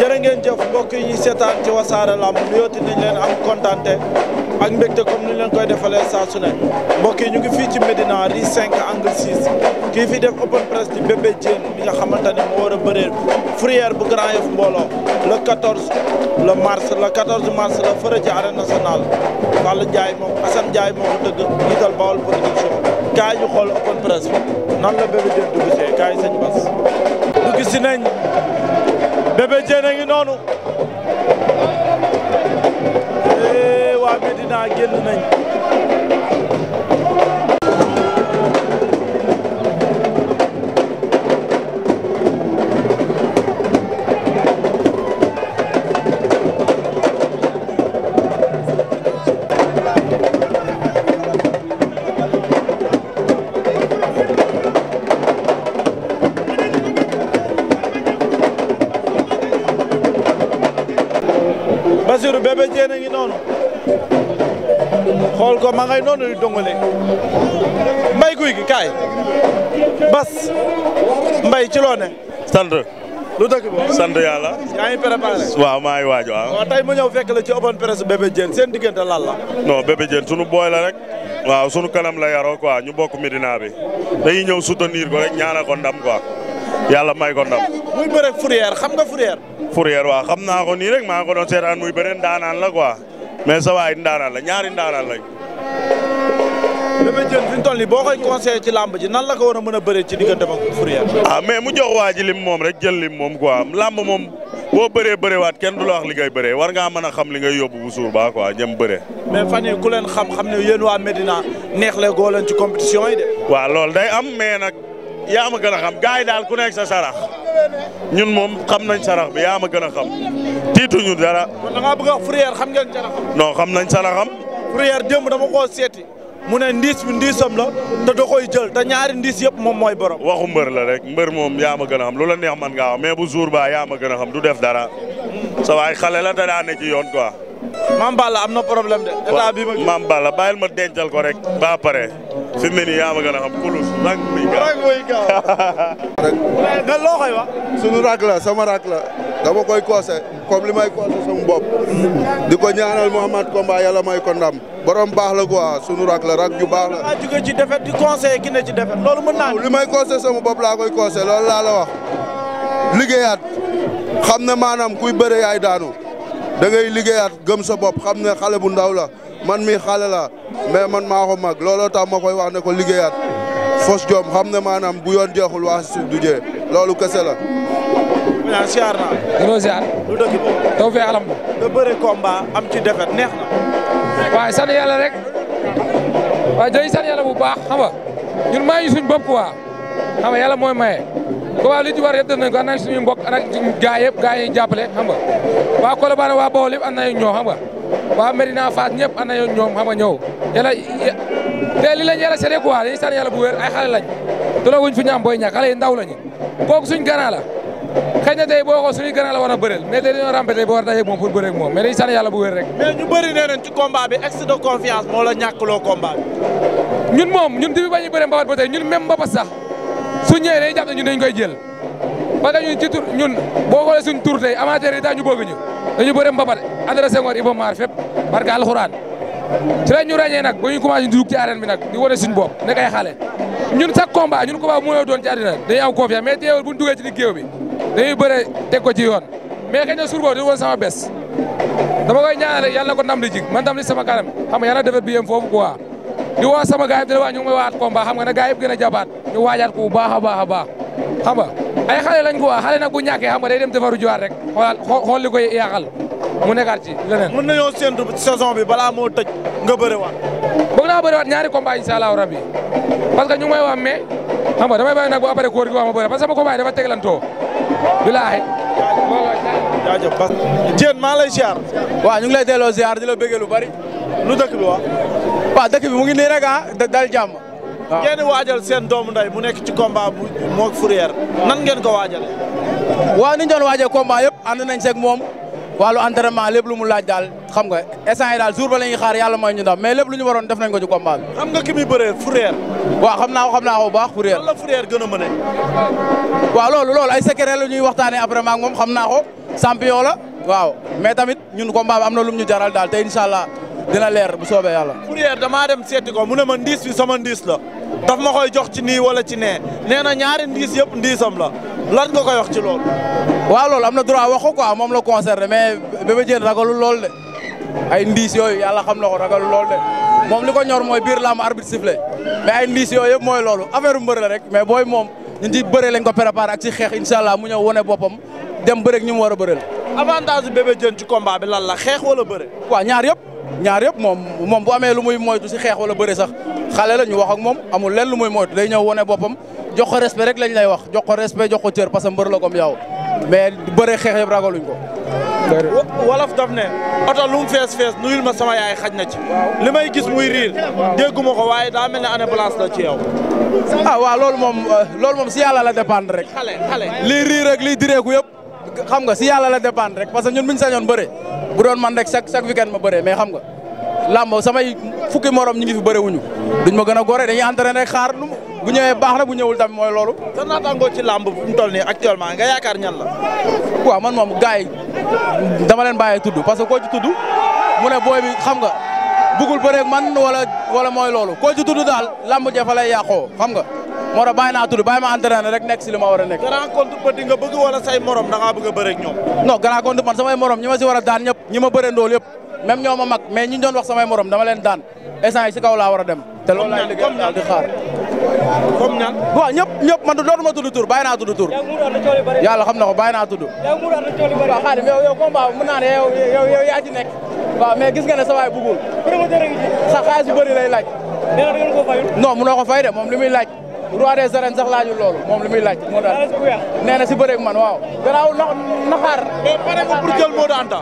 jërë ngeen jëf mbokk yi ñuy seetaan ci wasaare lamb nuyooti nañ leen am kontante ak mbégte comme ni leen koy defalee saa ne mbokk yi ñu ngi fii ci Médina rue 5 angle 6 kii fi def open press di bébé Diène mi nga xamante ne moo war a bëreel fourrière bu Grand Yoff mbooloo la le mars le 14 mars la fëra ci arène nationale Fallou jaay moom Assane Ndiaye moo ko dëgg jiital Baol production kaay ñu xool open press nan la bébé Diène dugg see kaay sëñ Bas Bébé Diène a ngi noonu eh, waa Medina génn nañ bébé xool ko ma ngay noonu ci loo sant lu dëkk sant yàlla yaa maa ngi waaj waaw tey mu ñëw fekk la ci open presse bébé jéen seen diggante lan la non bébé jéen sunu booy la rek waaw sunu kanam la yaroo quoi ñu bokk Medina bi dañuy ñëw soutenir ko rek ñaanal ko ndam quoi yàlla may ko muy bëre Fourrière xam nga Fourrière. Fourrière waaw xam naa ko nii rek maa ngi ko doon seetaan muy bëre ndaanaan la quoi mais sa waay ndaanaan la ñaari ndaanaan lañ. Bébé Diène fi ñu toll boo koy conseillé ci làmb ji nan la ko war a mën a bëree ci diggante ak Fourrière. ah mais mu jox waa lim moom rek jël lim moom quoi làmb moom boo bëree bëreewaat kenn du la wax li ngay bëree war ngaa mën a xam li ngay yóbbu bu suur ba quoi jëm bëree. mais fan yii ku leen xam xam ne yéen waa Medina neexle goo leen ci compétition yi de. a ñun moom xam nañ sarax bi yaa a gën a xam tiituñu dara. kon a xam ngeen saraxam. non xam nañ saraxam. Fourrière démb dama koo seeti mu ne ndiis bi ndiisam la te da koy jël ta ñaari ndiis yëpp moom mooy borom. waxu mbër la rek mbër moom yaa ma gën am xam lu la neex man ngaa wax mais bu jour baa yaa a gën a xam du def dara sa waay xale la te daa ne ci yoon quoi. bal Balla am na problème de. état bi ma. maam ma dencal ko rek. ba pare. fi mu ne nii yaa ma gën kulus rag muy gaaw rag muy gaaw rek nga loo koy wax rak la sama rak la dama koy koose comme li may koose sama di ko ñaanal Mouhamad Komba yàlla may ko ndam borom baax la quoi suñu rak la rak ju baax la ci defet di conseillé ki ne ci defet loolu mën naa li may koose sama bopp laa koy koose loolu laa wa wax liggéeyaat xam ne maanaam kuy bëre yaay daanu da ngay liggéeyaat gëm sa bopp xam ne xale bu ndaw la man mi xale la mais man maa ko mag looloo tax ma koy wax ne ko liggéeyaat fos jom xam ne maanaam bu yoon jeexul waa si suuf loolu kese la. naa siyaar naa. dëgg am ci defet neex na. waaye sant yàlla rek waaye dañuy sant yàlla bu baax xam nga ñun maa ngi suñ bopp quoi xam nga mooy maye. waaw li ci war yëpp def nañ ko ànd ak suñu mbokk ànd ak jàppale xam nga waa Colobane waa Bawol yëpp ànd ñoo xam waa Medina Fass ñëpp ànd nañu ñoom xam nga ñëw yàlla te li lañ yàlla seede quoi dañuy bu wér ay xale lañ tolawuñ fu ñu am booy yi ndaw lañu kooku suñ gànnaa la xëy tey boo xoo suñuy gànnaa la war a bëreel mais tey dañoo a dajeeg moom pour bëreeg moom mais dañuy sànni yàlla bu wér rek. mais ñu bëri nee nañ ci combat bi excès de confiance moo la ñàkkloo combat bi. ñun moom ñun depuis ba ñu bëree mbapat ba tey ñun même mbapat sax su ñëwee day jàpp ñun dañ koy jël parce que ñun ci tur ñun boo xoolee suñ tur tey amateur yi daa ñu bëgg ñu dañu bëri mbapat adressé ngoor Iba Mar fépp barka alxuraan ci la ñu ràññee nag ba ñu commencé dugg ci arène bi nag di wane xale ñun chaque combat ñun combat bu mënoo doon ci àddina dañuy am confiance teewul bu ñu duggee bi dañuy bëre teg ko ci yoon mais xëy na suur boobu di woon sama bés dama koy ñaanal rek yàlla ko ndam di man ndam li sama kanam xam nga yàlla defet bi yem foofu quoi di woo sama gars yi dina waa ñu ngi may waat combat baa nga ne a jabaat ñu waajaat a baax a baax xam nga ay xale lañ ko waa xale nag bu ñàkkee xam nga day dem mu nekkaat ci leneen. mën nañoo séntu saison bi balaa moo tëj nga bëriwaat. bëgg naa bëriwaat ñaari combat incha allahu rabbi parce que ñu ngi may wax mais xam nga damay bàyyi nag bu après góor gi wax ma bëri parce que sama combat yi dafa teglantoo bilaahi. jaajëf Bas. lay ziar. waaw ñu ngi lay delloo ziar di la bëggee lu bari. lu dëkk bi wax. waaw dëkk mu ngi nii rek ah dal jàmm. waaw waajal seen doomu nday mu nekk ci combat bu moog Fourrière. nan ngeen ko waajalee. waa ni ñu doon waajee combat yëpp nañ seeg moom. wàllu entraînement lépp lu mu laaj daal xam nga instant yi daal jour ba la ñuy xaar yàlla mooy ñu mais lépp lu ñu waroon def nañ ko ci combat bi. xam nga ki muy bëree Fourrière. xam naa ko xam naa ko bu baax Fourrière. la Fourrière gën a mëne. waaw loolu loolu ay secret la ñuy waxtaanee après maak moom xam naa ko champion la waaw mais tamit ñun combat bi am na lum ñu jaral daal te incha allah dina leer bu soobee yàlla. Fourrière damaa dem seeti ko mu ne ma ndiis bi sama ndiis la daf ma koy jox ci nii wala ci nee nee na ñaari ndiis yëpp ndiisam la lan nga koy wax ci lool waa loolu am na droit wax ko quoi moom la concerné mais Bébé Diène ragalul lool de ay ndiis yooyu yàlla xam na ko ragalul lool de moom li ko ñor mooy biir làmb arbitre sifflé mais ay ndiis yooyu yëpp mooy loolu affaire mbër la rek mais booy moom ñun ci bëre lañ ko préparé ak ci xeex incha allah mu ñëw wane boppam dem bëreeg ñu mu war a bëreel. avantage Bébé Diène ci combat bi lan la xeex wala bëre. waaw ñaar yëpp. ñaar yëpp moom moom bu amee lu muy moytu si xeex wala bëre sax xale la ñu wax ak moom amu lenn lu muy moytu day ñëw wone boppam jox ko respect rek lañ lay wax jox ko respect jox ko cër parce que mbër la comme yow mais bëre xeex yëpp ragaluñ ko. wolof daf ne oto lu mu fees fees nuyul ma sama yaay xaj na ci. li may gis muy riir. dégguma ko waaye daa mel ne année blanche la ci yow. ah waa loolu moom euh, loolu moom si yàlla la dépendre rek. xale xale liy riir rek liy direeku yëpp. xam nga si yàlla la dépendre rek parce que ñun bu ñu sañoon bëre bu doon man rek chaque chaque weekend ma bëre mais xam nga làmb samay fukki morom ñi ngi fi bëre wuñu duñ ma gën a gore dañuy entraîné rek xaar lu bu ñëwee baax na bu ñëwul tamit mooy loolu. sa naataangoo ci làmb bu mu toll nii actuellement nga yaakaar ñan la. waaw man moom gars yi dama leen bàyyee tudd parce que koo ci tudd mu ne booy bi xam nga bëggul bëreeg man wala wala mooy loolu koo ci tudd daal làmb jafe lay yàqoo xam nga moo tax bàyyi naa tudd bàyyi ma entraîné rek nekk si li ma war a nekk grand contre petit nga bëgg wala say morom da ngaa bëgg a bëre ak ñoom non grand contre man samay morom ñi ma si war a daan ñëpp ñi ma bëre ndool yëpp même ñoo ma mag mais ñi doon wax samay morom dama leen daan essence yi si kaw laa war a dem te loolu laay liggéey daal di xaar comme ñaan waaw ñëpp ñëpp man dootuma tudd tur bàyyi naa tudd tur yàlla xam na ko bàyyi naa tudd waaw xaadim yow yow combat mën naa ne yow yow yow yaa ci nekk waaw mais gis nga ne sa waay bëggul sa xaalis bu bëri lay laaj non mënoo ko fay de moom li muy laaj roi des arènes sax laajul loolu moom lu muy laaj moo daan nee na si bëreeg man waaw. gannaaw na naxaar. mais pare nga pour jël moo daan ta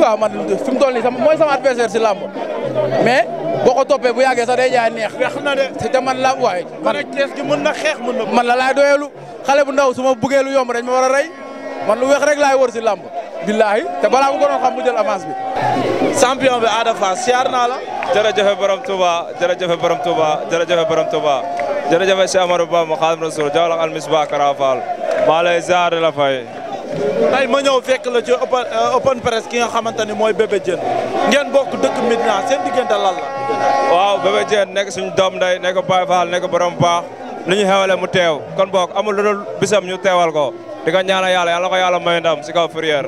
waaw man fi mu toll nii sama mooy sama adversaire si làmb mais boo ko toppee bu yàggee sax day jaay neex. neex na de te man la waaye. man kees gi na xeex mën na. man la laay doyeelu xale bu ndaw su ma bëggee lu yomb dañ ma war a rey man lu weex rek laay wër si làmb billaahi te balaa mu ko doon xam jël avance bi. champion bi Ada Fass siyaar naa la. jërëjëf borom Touba jërëjëf borom Touba jërëjëf borom Touba jërëjëf Cheikh Amadou Bamba Xaadimu Rasuul jawla al misbah karafal maa lay ziar la fay. tey ma fekk la ci open euh, open presse ki nga xamante ni mooy Bébé Diène ngeen bokk dëkk Medina seen diggante lan la. waaw Bébé nekk suñu doom nday nekk Baye Fall nekk borom baax lu ñu xewale mu teew kon bokk amul lu dul bisam ñu teewal ko di ko ñaanal yàlla yàlla ko may ndam si kaw Fourrière.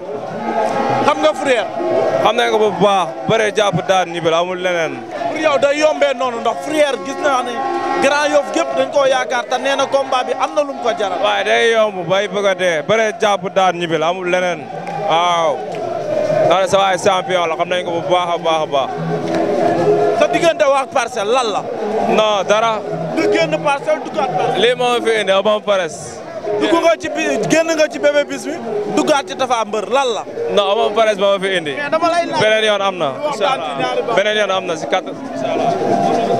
nga Fourrière. xam nañ ko bu baax bëree jàpp daan ñibbi amul leneen. pour day yombee noonu ndax Fourrière gis naa ne Grand Yoff gépp dañ koo yaakaar te nee na am na lum ko jaral. waaye day yomb bay bëgg a dee bëree jàpp daan ñibbi la amul leneen waaw. daanaka sa waay la xam nañ ko bu baax a baax a baax. sa diggante wax parcelle dara. du génn parcelle duggaat parcelle. lii moo fi indi ba mu pares. dugg ci bi génn nga ci bébé bis bi duggaat ci Tapha Mbeur lan la. non ama pares ma fi indi. beneen yoon am na. incha beneen yoon am na si kàttan incha allah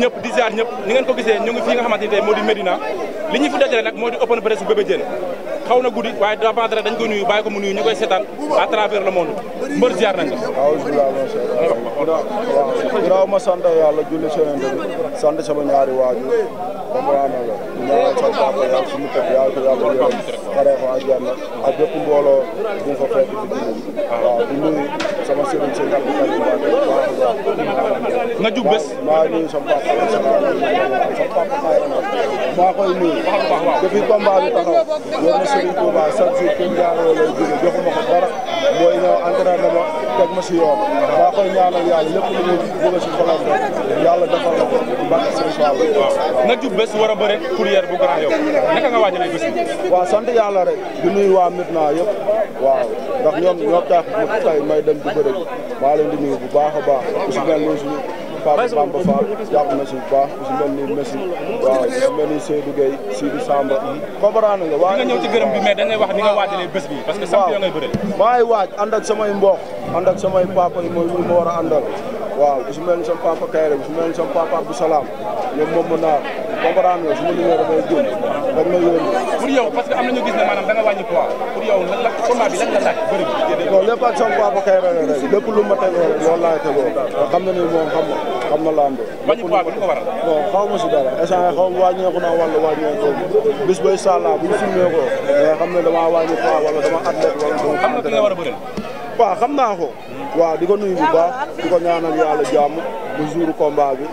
ñëpp di ziar ñëpp ni ngeen ko gisee ñu ngi fii nga xamante ni moo di Médina li ñu fi dajale nag moo di open presse bu Bébé na guddi waaye davant dara dañ nuyu bàyyi ko mu nuyu ñu koy seetaan à travers le monde mbër ziar nañ ko ginnaaw ma sant yàlla julli sonente bi sama ñaari waajur damaana la ñaanal sama papa yàlla suñu tëb yàlla ko yàlla yërëm xaree ko àjjana sama sëriñ sëñ Abdou Karim nga jug bés. maa ngi nuyu sama papa sama papa maa koy nuyu. depuis combat bi taxaw. loolu Serigne Touba chaque jour kër Ndiaye lay jóge joxuma ko dara. mooy ñëw entraînement. teg ma si yoon maa koy ñaanal yàlla lépp lu muy bëgg si xolam yàlla defal la ko baax si waaw nga jub bés war a bëre Fourrière bu Grand Yoff nga waajalee bés bi waaw sant yàlla rek di nuyu waa Medina yëpp waaw ndax ñoom ñoo tax ma tay may dem di bëre maa leen di nuyu bu baax a baax ku si mel ni Pape Bamba Fall jàpp na si bu baax ni Messi waaw ku si mel ni Seydou Gueye Sidou Samba comprendre nga waaye nga ñëw ci gërëm bi mais dañ lay wax ni nga waajalee bés bi parce que samedi ngay bëre maa waaj ànd ak samay mbokk ànd ak samay papa yi mooy ñu ma war waaw ku si mel ni sama papa Kayre ku ni sama papa Abdou Salam ñoom mu naar comprendre nga su ma numéro ma yónni. pour yow parce que am nañu a ne maanaam da nga wàññi poids pour yow lan la combat bi la laaj bëri bi. non lépp ak sama papa kay rek rek lépp lu ma tegoo rek loolu laay tegoo xam na ni moom xam na xam na lamb. wàññi poids xaw ma si dara échange xaw ma wàññeeku naa wala wàññeeku bis ba incha bu ñu filmee ko xam ne damaa wàññi poids wala dama athlète wala dama. xam nga ki nga war a bëri. waaw xam naa ko. waaw di ko nuyu bu baax di ko ñaanal bu jour combat bi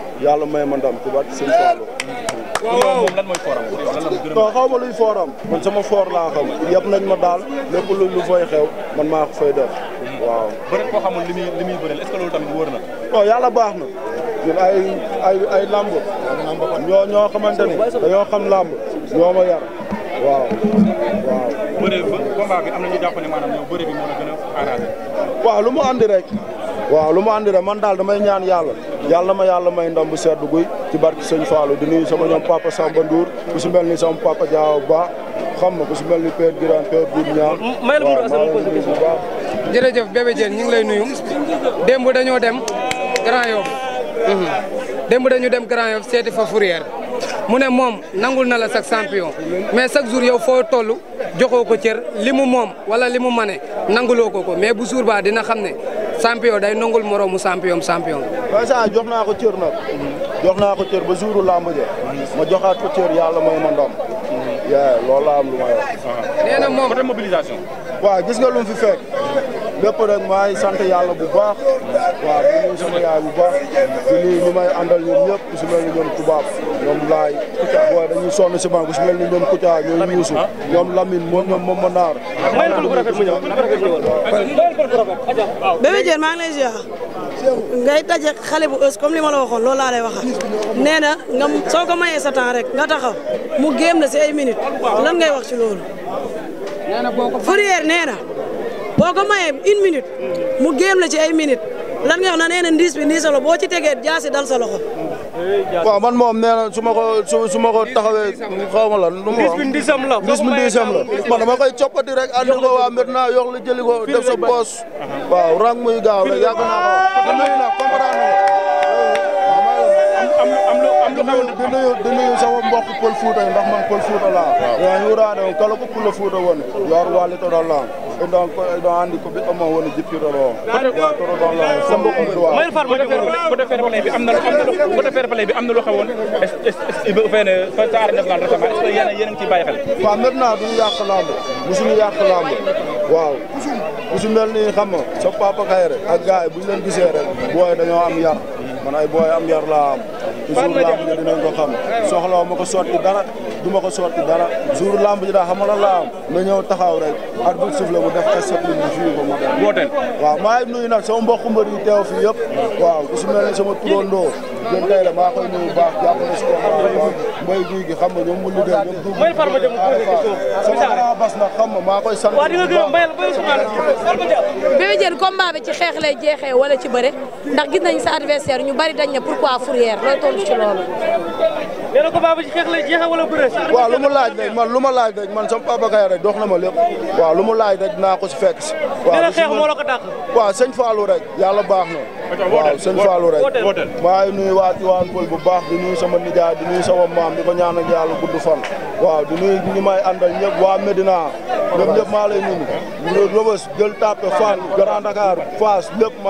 may ma ndam ci moom lan mooy fooram pour yow lan la gën a. non xaw ma luy fooram man sama foor laa xam yëpp nañ ma daal lépp lu lu fay xew man maa ko def. waaw bëri koo li li muy bëreel est-ce que loolu yàlla baax na. ay ay làmb. ñoo ñoo xamante ni làmb ñoo yar. waaw ba combat bi am na ñu jàpp ne a arrangé. waaw lu mu andi rek. waaw lu ma andi man daal damay ñaan yàlla yàlla ma yàlla may ndam bu sedd guy ci barki sëñ Fallou di nuyu sama ñoom papa Samba Ndour ku si ni sama papa Diaw Ba xam nga ku si mel ni père Giraan père Bour Niang. may la mu doon sama position waaw jërëjëf bébé Diène ñu ngi lay nuyu démb dañoo dem Grand Yoff hmm. démb dañu dem Grand Yoff seeti fa Fourrière mu ne moom nangul na la sax champion mais chaque jour yow foo toll joxoo ko cër li mu moom wala li mu mane nanguloo ko ko mais bu jour ba dina xam ne champion day nangul moroomu champion champion. waaw jox naa ko cër nag. jox naa ko cër ba jouru làmb je ma joxaat ko cër yàlla mooy ma ndam. yaa loolu laa lu may wax. nee na moom mobilisation. gis nga lu mu fi fekk. lépp rek maay sant yàlla bu baax. waaw di nuyu yaay bu baax. di nuyu ñu may àndal ñoom ñëpp su mel ni ñoom laay booy dañuy sonn si man ku si mel ni ñoom Koutia ñoom Youssou ah. ñoom Lamine moom ñoom moom ma naar Bébé Diène maa ngi lay ziar ngay daje xale bu ës comme li ma la waxoon loolu laa lay waxaat nee na nga soo ko mayee sa temps rek nga taxa mu géem na si ay minutes lan ngay wax si loolu Fourrière nee na boo ko mayee une minute mu géem la ci ay minutes lan nga xam na nee na ndiis bi nii sa loxo boo ci tegee jaasi dal sa loxo waaw man moom nee na ma ko su ma ko taxawee xaw ma la lu ma wax ndisam la man dama koy coppati rek andi ko waa maintenant yox la jëli ko def sa poos waaw rang muy gaaw rek yàgg ko nuyu naa comprendre nuyu di nuyu sama mbokk pël Fuuta ndax man pël Fuuta laa yaa ngi wuraade kala ko pël Fuuta woon yor wàllu to la donc ɗo anndi ko ɓiɗɗo mo woni jippiɗo ɗo koto ɗon sambo mayr fat bi am na goɗɗo feere palay bi am na lu xewoon fene taara def lan récemment est ce que yéen yéen a ngi ciy bàyyi xel waaw maintenant duñu yàq lamb musuñu yàq lamb waaw ku mel ni xam nga sa papa kay rek ak bu ñu leen gisee rek booy am yar man ay booy am yar laa jour lamb ji dinañ ko xam soxlaw ma ko sotti dara du ma ko sotti dara jour lamb ji daa xamala laam na ñëw taxaw rek at bu suuf la mu def statut bi fii ko ma wooteel waaw maa ngi nuyu nag sama mbokk mbër yi teew fii yëpp waaw ku si mel ne sama turandoo jën tey la maa koy nuyu baax jàpp na si ko mbay guy gi xam nga ñoom mu liggéey ñoom dugg sama bas nag xam maa koy sant Bébé Diène combat bi ci xeex lay jeexee wala ci bëre ndax gis nañ sa adversaire ñu bari dañ ne pourquoi Fourrière looy tontu ci bi ci xeex lay lu mu laaj rek man lu ma laaj rek man sam papa Kaye rek dox na ma lépp waaw lu mu laaj rek naa ko si fekk si. waaw nee na xeex waaw sëñ Fallou rek yàlla baax na. waaw sëñ Fallou rek maa ngi nuyu waa Tivaouane Peulh bu baax di nuyu sama nijaay di nuyu sama maam di ko ñaanal yàlla gudd fan. waaw di nuyu ñi may àndal ñëpp waa Medina ñoom ñëpp maa lay nuyu ñu Rebeuss Gueule Tapée Fann Grand Dakar Fass nuyu ñëpp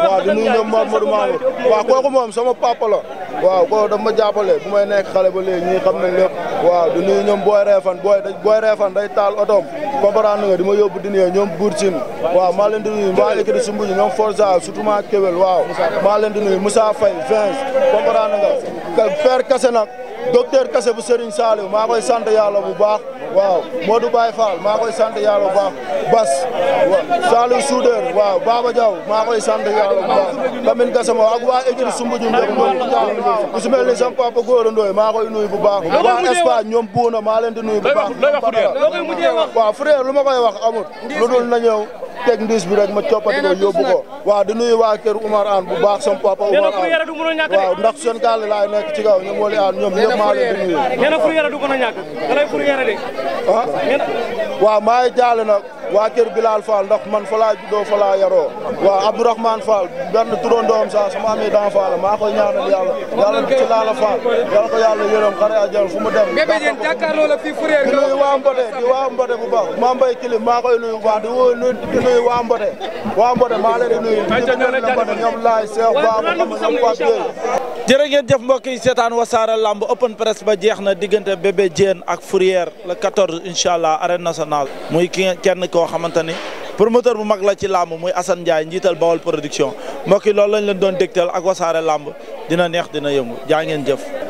waaw di nuyu ñoom Mame Modou Mamour waaw kooku moom sama papa la waaw kooku daf ma jàppale bu may nekk xale ba xam ne lépp waaw di nuyu ñoom Boy Refane Boy Boy Refane day taal otoom comprendre nga di ma yóbbu dinañ ñoom Bour Sine waaw maa leen di nuyu maa ekkati si mbuj ñoom Forza surtout maa waaw maa leen di nuyu Moussa Faye Vince comprendre nga fer kase nag docteur Kassé bu Serigne Saliou maa koy sant yàlla bu baax waaw Modou Baye Fall maa koy sant yàlla bu baax Bas Saliou Soudeur waaw Baba Diaw maa koy sant yàlla bu baax Lamine Kassé moom ak waa équipe Soumbédioune ñoom ku si mel ni sama papa Gora Ndoye maa koy nuyu bu baax waa Espagne ñoom buuna maa leen nuyu bu baax waaw frère lu ma koy wax amul lu dul na ñëw teg ndiis bi rek ma coppati ko yóbbu ko waaw di nuyu waa kër Oumar Anne bu baax sama papa Oumar Anne waaw ndax seen gaal laay nekk ci kaw ñoom wali aan ñoom ñëpp maa leen di nuyu. nee a ah? jaale nag. waa kër Bilal Fall man fa laa juddoo yaroo waaw Abdourahmane Fall benn turandoom saa sama amee daan Fall maa koy ñaanal yàlla yàlla na ci laala Fall yàlla ko yàlla yërëm xare ajal dem di nuyu waa Mbote di waa Mbote bu baax maa mbay kilim maa koy nuyu bu baax di woo laay Seex Baaba xam nga ñoom Pape Gueye jërë seetaan wasaare lamb open press ba jeex na diggante bébé Diène ak Fourier le 14 incha allah koo xamante ni promoteur bu mag la ci làmb muy Assane Ndiaye njiital Bawol production mbokk yi loolu lañ leen doon dégtal ak wasaare làmb dina neex dina yëngu jaa ngeen jëf.